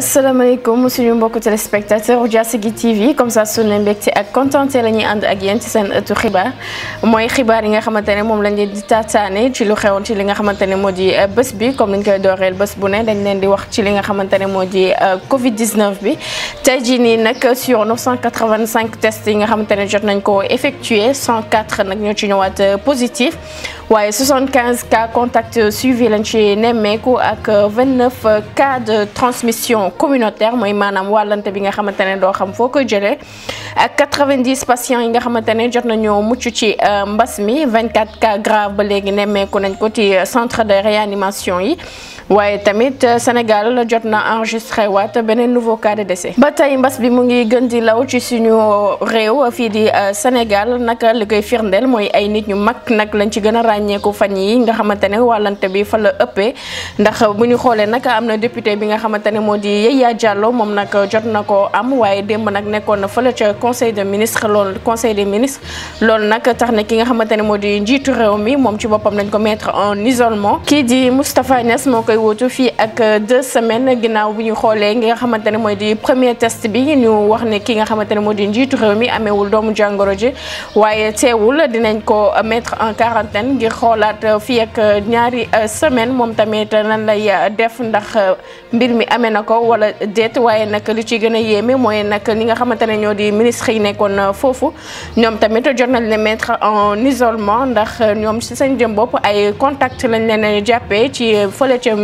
asalaamaaleykum suñu mbokk téléspectateur Diassigui TV comme ça su ne mbégte ak contenté la ñuy ànd ak yéen ci seen ëttu xibaar mooy xibaar yi nga xamante mom moom lañ leen di tataané ci lu xewon ci li nga xamante modi euh, bëss bi comme niñ koy dooreel bëss bu né dañ leen di wax ci li nga xamante modi euh, Covid 19 bi. tey jii nii nag sur 985 tests yi nga xamante ne jot nañ ko effectuer 104 nak ñoo ci ñëwaat euh, positif waye 75 cas contact suivi lañ ci nemmeeku ak 29 cas de transmission communautaire moy manam wàllante bi nga xamante do xam foko 90 patients yi nga xamante ne jot nañoo mucc ci euh, mbass mi 24 cas graves ba némé ko nañ ko ci euh, centre de réanimation yi waaye tamit euh, Sénégal jot na enregistré waat beneen nouveau cas de décès Bataille tey mbas bi mu ngi gën di law ci suñu réew fii di euh, Sénégal nag li koy firndeel mooy ay nit ñu mag nag lañ ci gën a ràññeeku fan yi nga xamante ne bi fa la ëppee ndax bu ñu xoolee nag am député bi nga xamante ne moo di Yaya Diallo am na conseil de ministre, loolu conseil des ministres loolu nak tax ki nga xamante ne moo di njiitu mi moom ci lañ ko mettre en isolement Qui di Mustafa Niass moo koy wuutu fii ak euh, deux semaines ginnaaw bu ñu xoolee nga xamante ne mooy di premier test bi ñu wax ne ki nga xamante ne moo di njiitu réew mi ameewul doomu jàngoro ji waaye teewul dinañ ko mettre en quarantaine ngir xoolaat euh, fii ak euh, ñaari semaine moom tamit nan lay def ndax mbir mi amee na ko wala déet waaye nag li ci gën a yéeme mooy nag ni nga xamante ne ñoo di ministre yi nekkoon foofu ñoom tamit jot nañ leen en isolement ndax ñoom si seen jëm bopp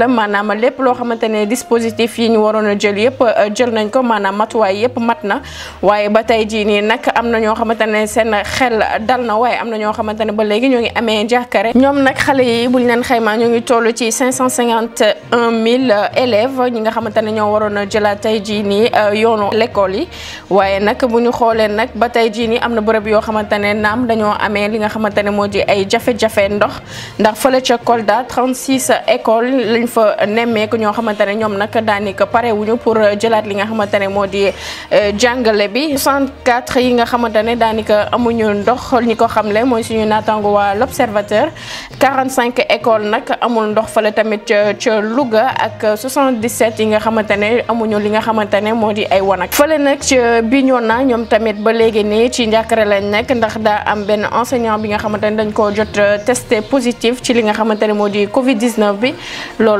la maanaam lépp loo xamante ne dispositif yi ñu waroon a jël yëpp euh, jël nañ ko maanaam matuwaay yëpp mat na waaye ba tey jii nii nag am na ñoo xamante ne seen xel dal na waaye am na ñoo xamante ne ba léegi ñoo ngi amee jàkkare ñoom nag xale yi buñ leen xaymaa ñoo ngi tollu ci 551 mille élèves ñi nga xamante ne ñoo waroon a jëlaat tey jii nii euh, yoonu l'école yi waaye nag bu ñu xoolee nag ba tey jii nii am na bërëb yoo xamante ne naam dañoo amee li nga xamante ne moo di ay jafe ndox fa nemmeeku ñoo xamante ne ñoom nag daanaka pare wuñu pour jëlaat li nga xamante ne moo di euh, jàngale bi 64 yi nga xamante ne daanaka amuñu ndox ñi ko xamle mooy suñu naataango waa l'Observateur 45 école nag amul ndox fale tamit ca Louga ak 77 yi nga xamante ne amuñu li nga xamante ne moo di ay wanag fële nag ca Bignona ñoom tamit ba léegi nii ci njàkkare lañ nekk ndax daa am benn enseignant bi nga xamante ne dañ koo jot euh, testé positif ci li nga xamante ne moo di Covid 19 bi loolu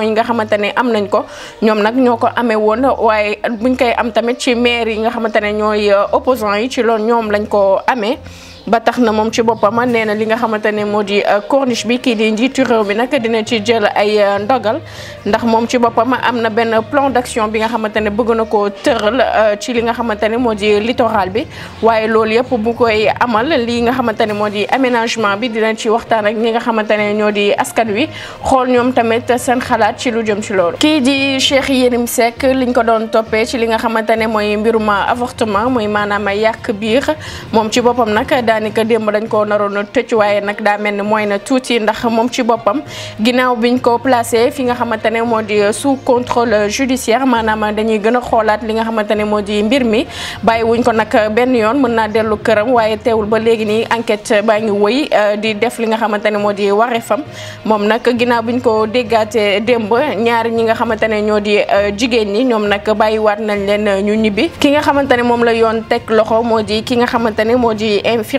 subvention yi nga xamante ne am nañ ko ñoom nag ñoo ko amee woon waaye buñ koy am tamit ci maire yi nga xamante ne ñooy euh, opposant yi ci lool ñoom lañ ko amee ba tax na moom ci boppam nee na li nga xamante ne moo di euh, corniche bi kii di njiitu réew mi nag dina ci jël ay euh, ndogal ndax moom ci boppam am na benn plan d'action bi nga xamante ne bëgg koo tëral euh, ci li nga xamante ne moo di littoral bi waaye loolu yëpp bu koy amal lii nga xamante ne moo di aménagement bi dina ci waxtaan ak ñi nga xamante ne ñoo di askan wi xool ñoom tamit seen xalaat ci lu jëm ci loolu. kii di Cheikh Yérim Seck liñ ko doon toppee ci li nga xamante ne mooy mbirum avortement muy maanaam yàq biir moom daanaka démb dañ koo naroon a tëcc waaye nag daa mel ni mooy na tuuti ndax moom ci boppam ginnaaw bi ñu ko placé fi nga xamante ne moo di euh, sous contrôle judiciaire maanaam dañuy gën a xoolaat li nga xamante ne moo di mbir mi bàyyi wuñ ko nag benn yoon mën naa dellu këram waaye teewul ba léegi nii enquête baa ngi wëy euh, di def li nga xamante ne moo di wareefam moom nag ginnaaw biñ ko déggaatee démb ñaari ñi nga xamante ne ñoo di euh, jigéen ñi ñoom nag bàyyiwaat nañ leen ñu ñibbi ki nga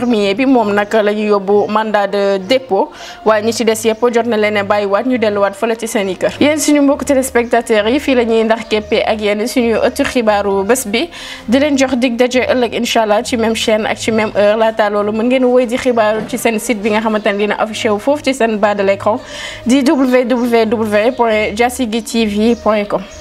premier bi moom nag la ñu yóbbu mandat de dépôt waaye ñi ci des yëpp jot na leen bàyyiwaat ñu delluwaat fële ci seen i kër. yéen suñu mbokk téléspectateurs yi fii la ñuy ndax képpee ak yenn suñu ëttu xibaaru bés bi di leen jox dig daje ëllëg incha allah ci même chaîne ak ci même heure laata loolu mën ngeen woy di xibaaru ci seen sit bi nga xamante ne dina affiché wu foofu ci seen bas de l'écran di www point diassigui tv point com